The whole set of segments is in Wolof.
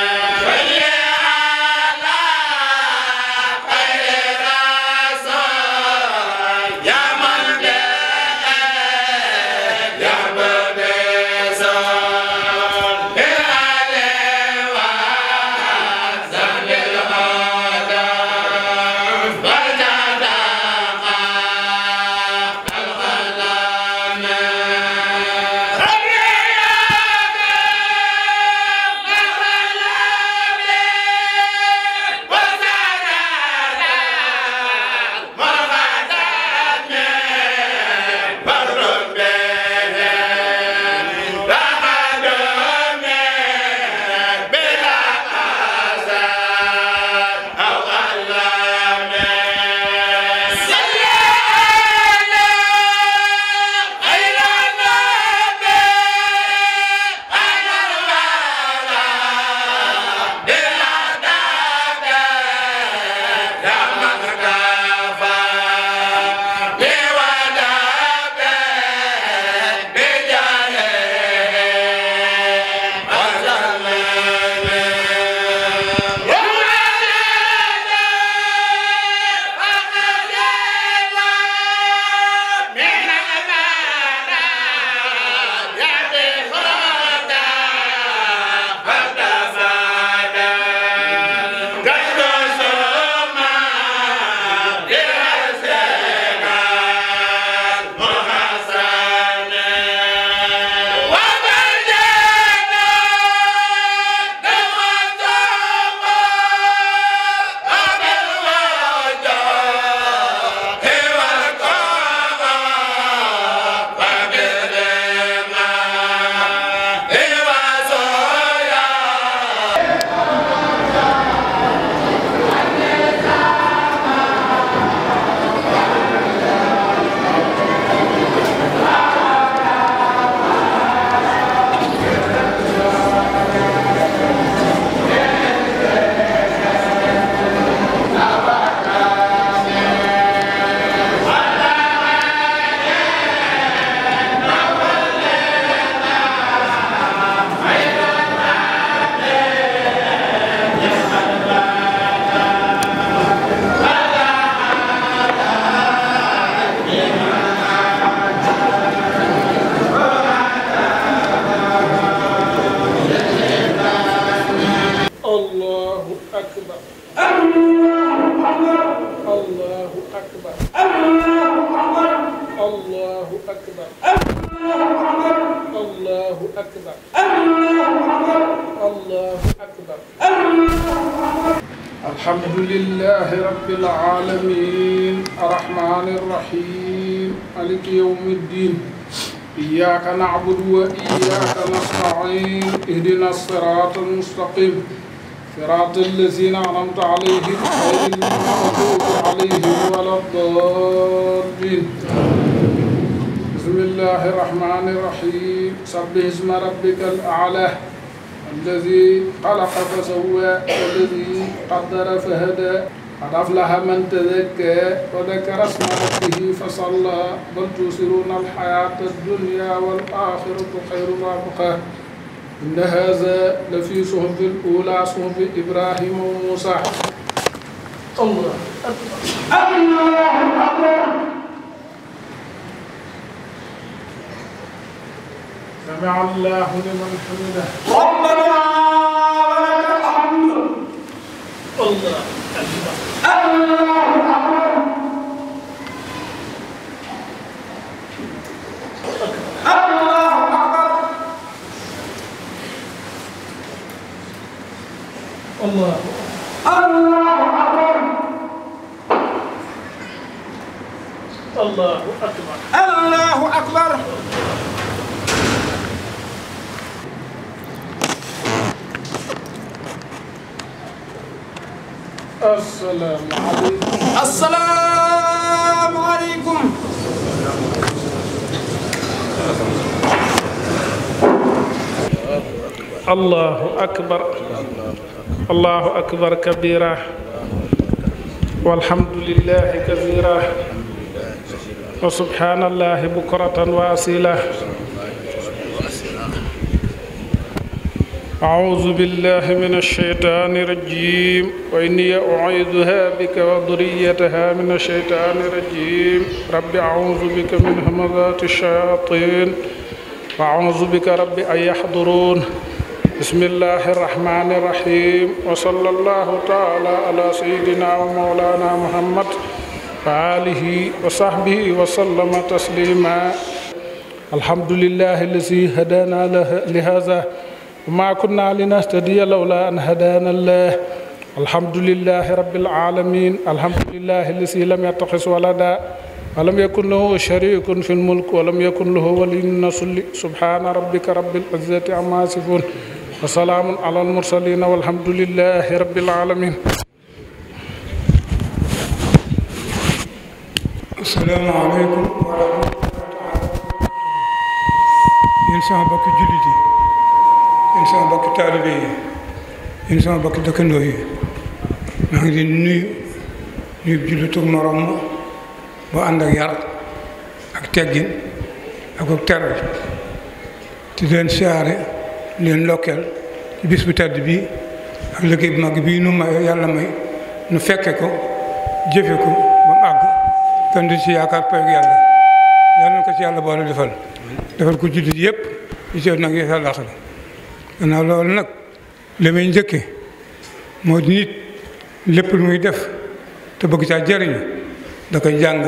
you إياك نعبد وإياك نستعين اهدنا الصراط المستقيم صراط الذين أنعمت عليهم غير المغضوب عليهم ولا الضالين بسم الله الرحمن الرحيم سبح اسم ربك الأعلى الذي خلق فسوى والذي قدر فهدى قد لها من تذكى وذكر اسم ربه فصلى بل تؤثرون الحياة الدنيا والآخرة خير وابقى إن هذا لفي صحف الأولى صحف إبراهيم وموسى الله أكبر الله أكبر سمع الله لمن حمده ربنا ولك الحمد الله الله السلام عليكم السلام عليكم الله أكبر الله أكبر كبيرا والحمد لله كثيرا وسبحان الله بكرة واسيلة أعوذ بالله من الشيطان الرجيم وإني أعيذها بك وذريتها من الشيطان الرجيم رب أعوذ بك من همزات الشياطين وأعوذ بك رب أن يحضرون بسم الله الرحمن الرحيم وصلى الله تعالى على سيدنا ومولانا محمد وآله وصحبه وسلم تسليما الحمد لله الذي هدانا لهذا وما كنا لنهتدي لولا أن هدانا الله الحمد لله رب العالمين الحمد لله الذي لم يتخذ ولدا ولم يكن له شريك في الملك ولم يكن له ولي سبحان ربك رب العزة عما يصفون وسلام على المرسلين والحمد لله رب العالمين السلام عليكم ورحمة الله وبركاته. ينسى جلدي yéen sama mbokki bi yi yéen sama mbokki dëkkandoo yi maa ngi leen nuyu nuyu jullitu morom ma bu ànd ak yar ak teggin ak ak teral te leen siyaare leen lokkeel bis bu tedd bii ak liggéey bu mag bii nu may yàlla may nu fekke ko jëfe ko ba mu àgg kan di ci yaakaar payoog yàlla yàlla na ko ci yàlla boole defal defal ko jullit yëpp ci seet nag yéex a laaxale gannaaw loolu nag li muy njëkke moo di nit lépp muy def te bëgg caa jëriñu da koy jàng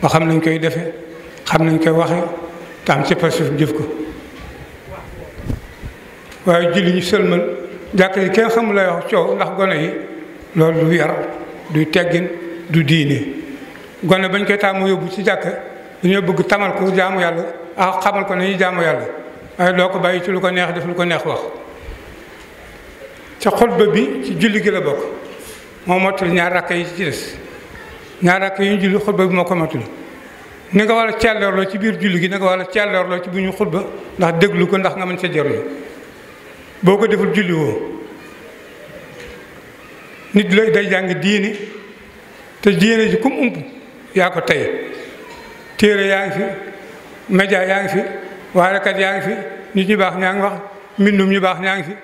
ba xam nañ koy defe xam nañ koy waxe te am ci jëf ko waaye julli ñu sëlmal jàkk yi kenn xamul coow ndax gone yi loolu du yar du teggin du diine gone bañ koy taamu yóbbu ci jàkk dañoo bëgg tamal ko jaamu yàlla a ah xamal ko nañuy jaamu yàlla waaye doo ko bàyyi ci lu ko neex def lu ko neex wax ca xutba bi ci julli gi la bokk moo motul ñaar rakk yi ci des ñaar rakk yi ñu julli xutba bi moo ko motul ni nga biir julli gi ni nga war ci bu ñu xutba ndax déglu ko ndax nga mën sa boo ko deful julli nit la day jàng diini te diine ji kum ump yaa ko tey téere yaa ngi fi média yaa ngi fi waarekat yaa ngi fi ñu ñu baax ñaa ngi wax mbindum ñu baax ñaa ngi fi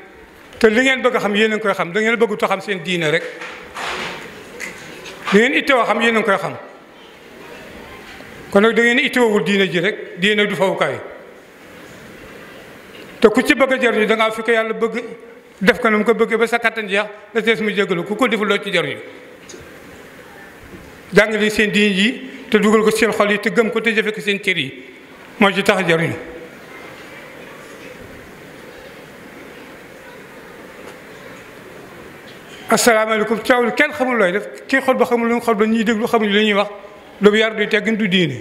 te li ngeen bëgg xam yéen a koy xam da ngeen bëggut a xam seen diine rek da ngeen ittewoo xam yéen a ngi koy xam kon nag da ngeen ittewoowul diine ji rek diine du fawukaay te ku ci bëgg a jariñu da ngaa fi ko yàlla bëgg def ko na ko bëggee ba sa kattan jeex da tees mu jégalu ku ko deful loo ci jariñu jàngale seen diine ji te dugal ko seen xol yi te gëm ko te jëfe ko seen cër yi moo ci tax a jariñu asalaamaaleykum coowul kenn xamulooy looy def kii xol ba xamul lu xol ba ñuy déglu xamul li ñuy wax du yar du teggin du diine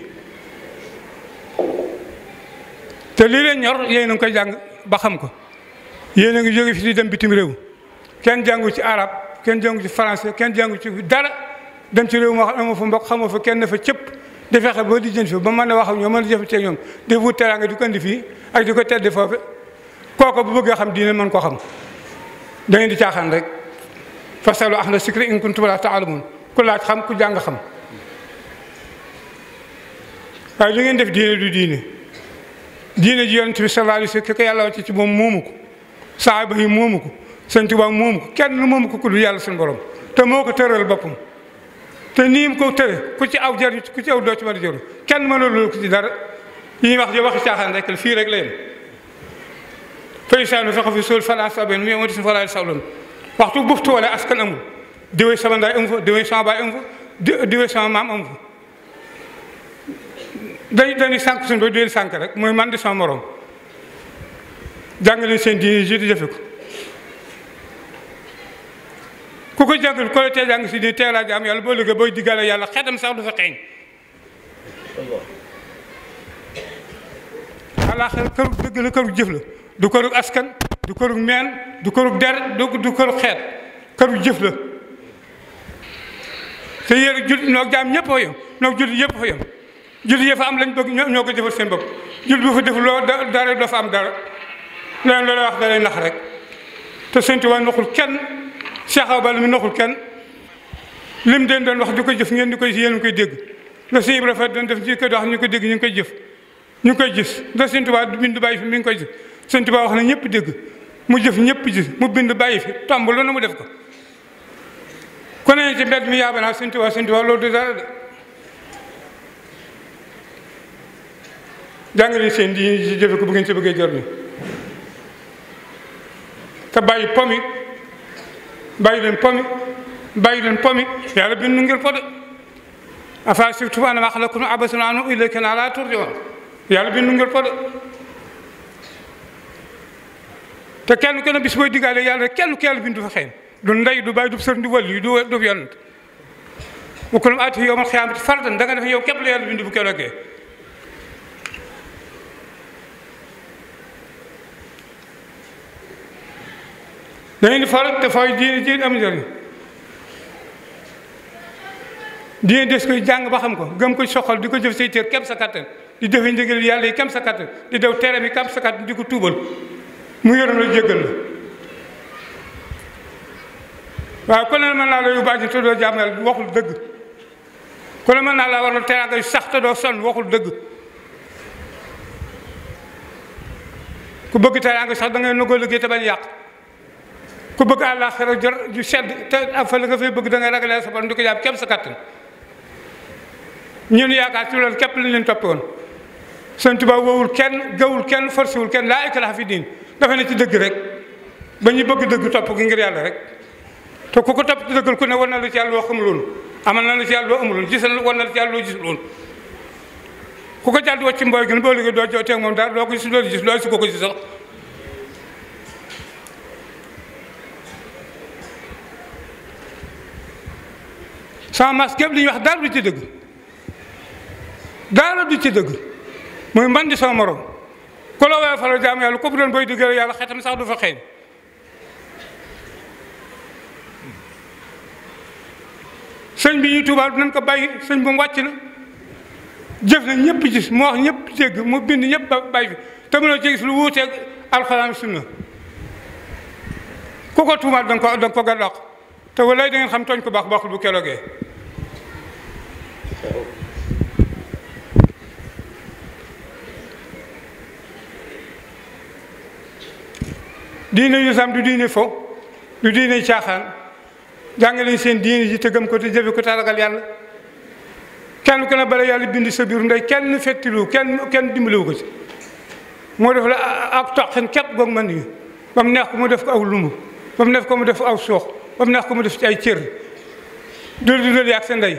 te lii ñor yéen a ngi koy jàng ba xam ko yéen a ngi jóge fi di dem bitim réew kenn jàngu ci arab kenn jàngu ci français kenn jàngu ci dara dem ci réew moo xam amoo fa mbokk xamoo fa kenn fa cëpp di fexe ba di jën fi ba mën a wax ak ñoom mën a jëfandikoo ñoom di wut teraanga di ko indi fii ak di ko tedd foofu kooku bu bëggee xam diine mën ko xam da di caaxaan rek. فسألوا أهل السكر إن كنتم لا تعلمون كل واحد خم كل جانغ خم هاي لين دف دين دو دين دين جيان تبي سلام عليه سكر كي الله تجيب مومك صعب هي مومك سنتوا مومك كان مومك كل يال سنبرم تموك ترى البكم تنيم كو ترى كتي أو جاري كتي أو دوتش مري جرو كان ما نقول كتي دار يي ما خدي ما خدي شاهد ذاك الفير أقلين فيسأل فخ في سول فلا سبب نبي أمور سفر على سولم waxtu buftu wala askan amul diwee sama ndaay amu fa diwee sama baay amu diwee sama maam amu fa dañu dañuy sànq suñu bopp di rek mooy man di sama morom jàngaleen seen diine ji di jëfe ko ku ko jàngal ko la tee jàng si diine teel a jaam yàlla boo liggéey booy diggaale yàlla xetam sax du fa xeeñ alaaxira këru dëgg la këru jëf du këru askan du kërug meen du kërug der du kërug xeet këru jëf la te yéen jul noog jaam ñëpp a yem noog jul yëpp a yem jul yëpp am lañ bëgg ñoo ko defal seen bopp jul bu fa def loo dara doo fa am dara leneen loola wax da lay nax rek te sëñ Tuubaa naxul kenn Cheikh Awa Balla mi naxul kenn lim den doon wax di ko jëf ngeen di koy yéen koy dégg la sëñ Ibra fa doon def ñi koy wax ñu koy dégg ñu ngi koy jëf ñu ngi koy gis la sëñ Tuubaa du bind bàyyi fi mi ngi koy jëf sëñ Tuubaa wax na ñëpp dégg mu jëf ñëpp gis mu bind bàyyi fi tomb lu na mu def ko ku ne ci mbedd mi yaaba naa sëñ Tuubaa dara de jàngale seen di ci jëfe ko bu ngeen jor ni te bàyyi pomi bàyyi leen pomi bàyyi leen pomi yàlla bind ngir ko de afa surtout ana ma xalakum abasan an ilayka laa turja'uun yàlla bind ngir ko de te kenn kenn bi bis booy diggaale yàlla kenn ku yàlla bindu fa xëy du ndey du bàyyi du sër du wàll yi du du yonent bu ko aati yow ma xiyaamati fardan da nga def yow képp la yàlla bindu bu keroogee di faral dafay diine koy jàng ba xam ko gëm koy soxal di ko jëf say cër képp sa kattan di defe njëgal yàlla yi képp sa kattan di dew teram yi képp sa kattan di ko tuubal mu yërëm la jéggal la waaye ku ne mën naa la yóbbaale te doo jàmm yàlla waxul dëgg ku ne mën naa la war a teraanga yu sax te doo sonn waxul dëgg ku bëgg teraanga sax da ngay nangoo liggéey te bañ yàq ku bëgg àllaaxira jor ju sedd te fa la nga fay bëgg da ngay ragalee sa borom di ko jàpp képp sa kàttan ñun yaakaar ci loolu képp lañ leen toppee woon sëñ Tuubaa woowul kenn gawul kenn forcewul kenn laa ikraaha fi diin defe ne ci dëgg rek ba ñu bëgg dëgg topp gi ngir yàlla rek te ku ko topp ci ku ne war na lu ci yàlla loo xamuloon amal na lu ci yàlla loo amuloon gisal war na lu ci yàlla ku ko jàdd wàcc mbooy gën boo liggéey doo joteeg moom daal loo ko gis loolu gis loolu si ko ko gis sama mas képp li ñuy wax daal du ci dëgg daal du ci dëgg muy mban di sama ku la woowee falo jaam yàlla ku doon booy duggee yàlla xetam sax du fa xeeñ sëñ bi ñu tuubaal nañ ko bàyyi sëñ bu wàcc na jëf na ñëpp gis mu wax ñëpp dégg mu bind ñëpp ba bàyyi fi te mënoo ci su lu wuuteeg alxuraan sunna ku ko tuumaat da ko da nga ko gàllaq te walaay da ngeen xam tooñ ko baax baaxul bu keroogee diine sam du diine fo du diine caaxaan jànga leen seen diine ji te gëm ko te jëfe ko te yàlla kenn ku ne bala yàlla bind sa biir ndey kenn fettilu kenn kenn dimbaliwu ko ci moo def la ak toqin képp goog man yi ba mu neex ko mu def ko aw lumb ba mu neex ko mu def aw suux ba mu neex ko mu def ci ay cër dul dundal ak sa ndey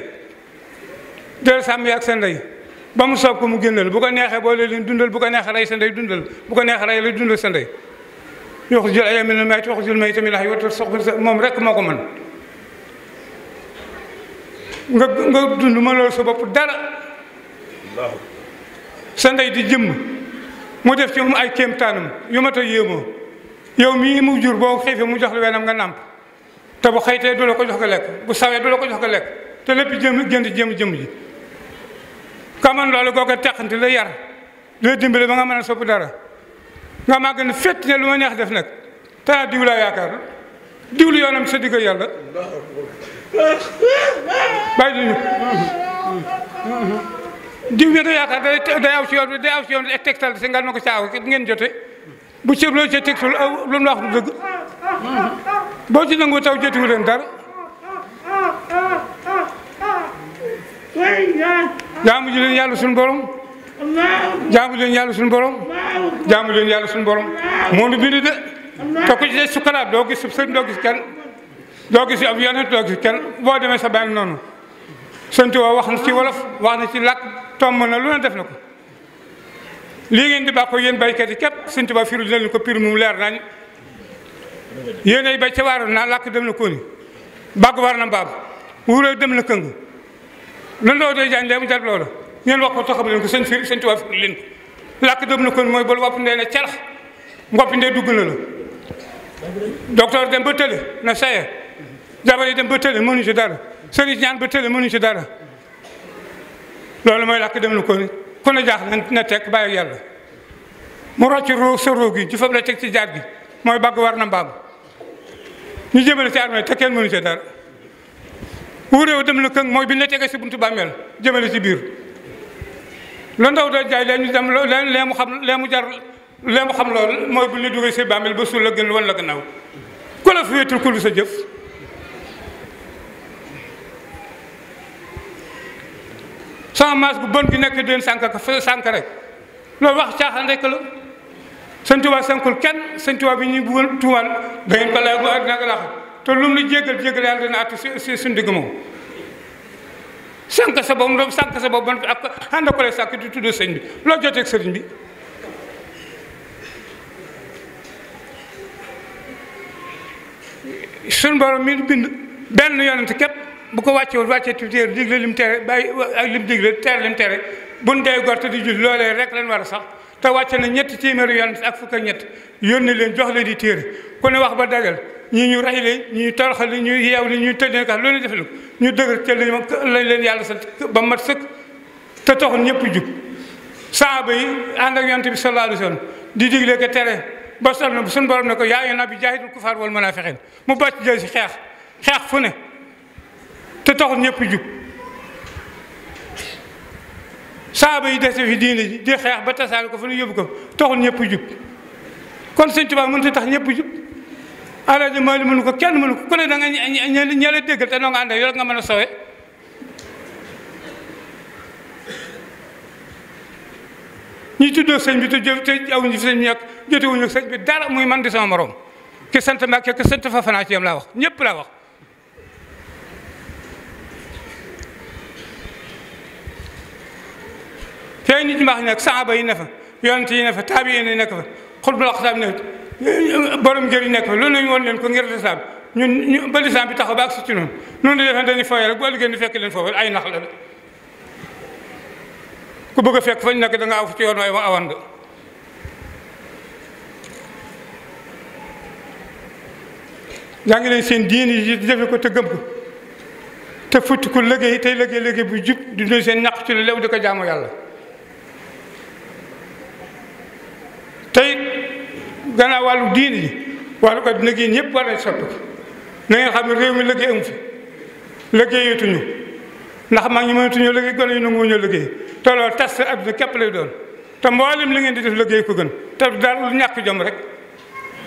del sàmm yàgg sa ndey ba mu soob ko mu génnal bu ko neexee boo leen dundal bu ko neexee rey sa ndey dundal bu ko neexee rey la dundal sa ndey yuxrijul hayya minal mayyiti wa yuxrijul mayyita minal hayyi moom rek moo ko mën nga nga dund ma loolu sa bopp dara sa ndey di jëmm mu def ci moom ay kéemtaanam yu mat a yéemoo yow mii mu jur boo xiifee mu jox la wenam nga nàmp te bu xëytee du la ko jox nga lekk bu sawee du la ko jox nga lekk te lépp jëm génn jëm jëm ji kaman loolu googa teqante la yar looy dimbale ba nga mën a sopp dara nga maa gën a fett ne lu ma neex def nag tara diw laa yaakaar diwlu yoonam sa digg yàlla bàyyi duñu diw mi nga yaakaar day day aw si yoon day aw si yoon bi ak tegtal si ngal ma ko saaw ki ngeen jote bu ceeb loolu ca aw lu mu wax du dëgg boo ci nangu taw yaa mujj leen yàlla suñu borom jaamu leen yàlla suñu borom jaamu leen yàlla suñu borom moo nu bind de te ku ci des doo gis sub sëñ doo gis kenn doo gis ab yonent doo gis kenn boo demee sa benn noonu sëñ Tuubaa wax na ci wolof wax na ci làkk tomb na lu ne def na ko lii ngeen di bàkkoo yéen béykat yi ket sëñ Tuubaa firu dinañ ko pir mu leer nañ yéen ay béy ca waaru naa làkk dem na kóoni bàgg war na mbaab wuuree dem na këng lunu doo doy jaan lee mu jar loola ngeen wax ko taxamu leen ko sëñ firi sëñ Tuubaa firi leen ko na kon mooy balu wopp ndee ne calax ngopp ndee dugg na la docteur dem ba tële na saye jabar yi dem ba tële mënuñu ci dara sëriñ ñaan ba tële mënuñu ci dara loolu mooy lakk dem na kon ku ne jaax na tekk bàyyi yàlla mu rocc roo sa roo gi ci fab la teg ci jaar gi mooy bàgg war na mbaam ñu jëmale ci armée te kenn mënu ci dara wuréew dem na këng mooy bi la tegee si buntu bàmmeel jëmale ci biir lu ndaw da jaay leen ñu dem leen mu xam lee mu jar leen mu xam loolu mooy bu ñu duggee si bàmmeel ba suul la gën wan la gannaaw ku la ku lu sa jëf bu bon gi nekk di leen sànq rek loolu wax caaxaan rek la sëñ Tuubaa sànkul kenn sëñ Tuubaa bi ñuy bëggoon tuumaal da ngeen ko lay ak te lu mu la jéggal jéggal yàlla dina àtt si si moom sànq sa bopp sanq sa bopp man fi ak ànd ko lay sàkk di tudd sëñ bi loo joteeg sëriñ bi suñ borom mi bind benn yonent képp bu ko wàccewul wàccee ti téer digle lim tere bàyyi ak lim digle tere lim tere buñ dee gorte di jul loolee rek leen war a sax te wàcce na ñetti téeméeri yonent ak fukk ñett yónni leen jox leen di téere ku ne wax ba dajal ñii ñu rey leen ñuy toroxal li ñuy yeew li ñuy tëddee kaas loolu def na ñu dëgër ca lañ lañ leen yàlla sant ba mat sëkk te taxul ñëpp jug saaba yi ànd ak yonent bi di digle ko tere ba sol na suñu borom ne ko yaa ayyuhan nabiyyu jaahidil kuffaara wal munaafiqiin mu bàcc jël si xeex xeex fu ne te taxul ñëpp jug saaba yi dese fi diine ji di xeex ba tasaare ko fu ne yóbbu ko taxul ñëpp jub kon Sëñ Tuubaa mënut a tax ñëpp jub ala di mooy mun ko kenn mun ko ko ne da nga ñala ñala déggal te no nga ande yor nga mëna sowe ñi tuddoo sëñ bi te jëf te aw ñi sëñ ñak jëte wuñu sëñ bi dara muy man di sama morom ke sante Mbàkke ke sante fa fana ci yam la wax ñëpp la wax fay nit ñu baax nag saaba yi nafa fa yonent yi nafa fa yi nafa fa xutbul axtaab ne borom njëriñ nekk fa loolu la woon leen ko ngir lislaam ñun ñu ba lislaam bi tax ba ak si ci noonu noonu la defee dañuy fooyee rek boo liggéey ni fekk leen foofu ay nax la de ku bëgg a fekk fañ nekk da nga aw ci yoon ay ma awan nga yaa ngi leen seen diin yi di defe ko te gëm ko te futti ku liggéey tey liggéey liggéey bu jub di nuyu seen ñaq ci lu lew di ko yàlla tey gannaaw wàllu diine ji wàllu ko dina génn ñëpp war nañ soppi ko na ngeen xam ne réew mi liggéey amu fi liggéeyatuñu ndax mag ñi mënatuñoo liggéey gone yi nanguwuñoo liggéey te loolu tas sa adduna képp lay doon te mboolem li ngeen di def liggéey ko gën te du daal lu ñàkk jom rek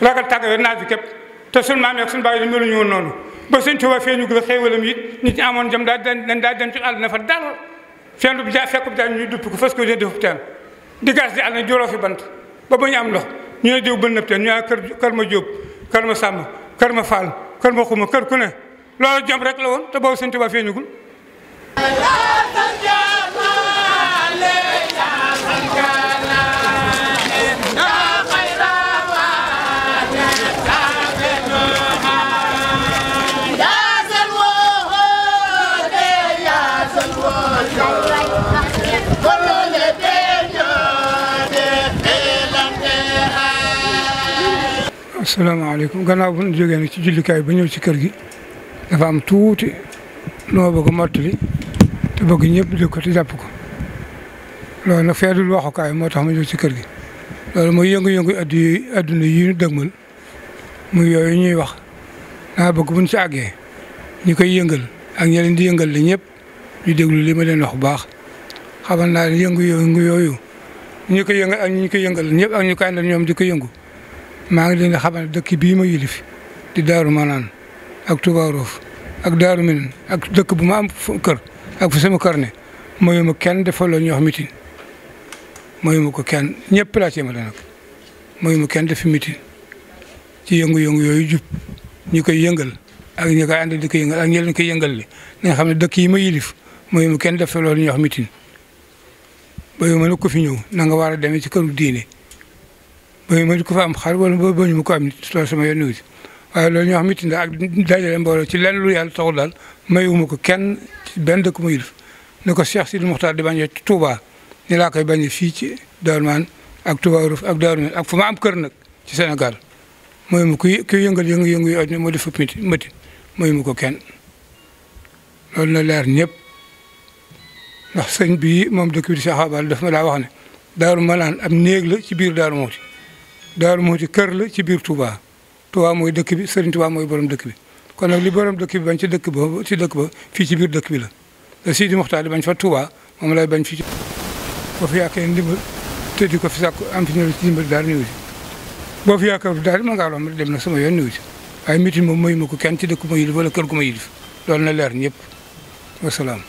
ragal tàggawee naaj bi képp te suñu maam yeeg suñu bàyyi di meluñu woon noonu ba suñ tuba feeñu gën a xéewalam it ñi amoon jom daa den daa dem ci àll na fa dal fendu bu jaa fekkub jaa ñuy dupp ko fas ko ne defu teen joroo fi bant ba ñu am ndox ñu ne diw bën na teen ñu ne kër kër ma Jóob kër ma Sàmb kër ma Fall kër ma Xuma kër ku ne loolu jom rek la woon te boobu Sëñ Tuubaa feeñagul asalaamaaleykum gannaaw bu ñu jógee nag ci jullikaay ba ñëw ci kër gi dafa am tuuti noo bëgg mottali te bëgg ñëpp di ko te jàpp ko loolu nag feedul waxukaay moo tax ma jóg ci kër gi loolu mooy yëngu-yëngu addu adduna yi ñu dëgmal muy yooyu ñuy wax naa bëgg buñ ci àggee ñi koy yëngal ak ñi di yëngal la ñëpp ñu déglu li ma leen wax bu baax xamal naa yëngu-yëngu yooyu ñi koy yëngal ñu koy yëngal ñëpp ak ñoom di ko yëngu maa ngi leen di xamal dëkk bii ma yilif di Daaru Manaan ak Touba Roof ak Daaru Minam ak dëkk bu ma am kër ak fu sama kër ne mayuma kenn defal la ñuy wax mitin mayuma ko kenn ñëpp laa ci yemale nag kenn def fi mitin ci yëngu-yëngu yooyu jub ñi koy yëngal ak ñi koy ànd di ko yëngal ak ñi leen koy yëngal xam ne dëkk yi ma yilif mayuma kenn def fa loolu ñuy wax mitin mayuma nag ku fi ñëw nanga nga war a demee ci kër diine ba ñu mën ko am xar wala ba ñu mu ko nit loolu sama yoon wi waaye loolu ñoo xam mitin la ak dajale mbooloo ci lenn lu yàlla taxul daal mayuma ko kenn ci benn dëkk mu yilif ne ko Cheikh Sidi Muxtaar di bañee ci Touba ni laa koy bañee ci Darman ak Touba Ruf ak Darman ak fu am kër nag ci senegal mayuma ku kuy yëngal yëngu yëngu yi ne mati mayuma ko kenn loolu na leer ñëpp ndax sëñ bi moom dëkk bi di Cheikh Abal daf ma daa wax ne Daaru Manaan am néeg la ci biir Daaru Muxti Daaru Muxti kër la ci biir Touba Touba mooy dëkk bi Serigne Touba mooy borom dëkk bi kon nag li borom dëkk bi bañ ci dëkk ba ci dëkk ba fii ci biir dëkk bi la te Sidi Moxtaar di bañ fa Touba moom lay bañ fii ci boo fi yaakee ndimbal te di ko fi sàkk am fi ñëw ci ndimbal daal ñëw ci boo fi yaakaar daal ma ngaa lom dem na sama yoon ñëw ci waaye mitin moom mayu ma ko kenn ci dëkk ma yilif wala kër gu ma yilif loolu na leer ñëpp wasalaam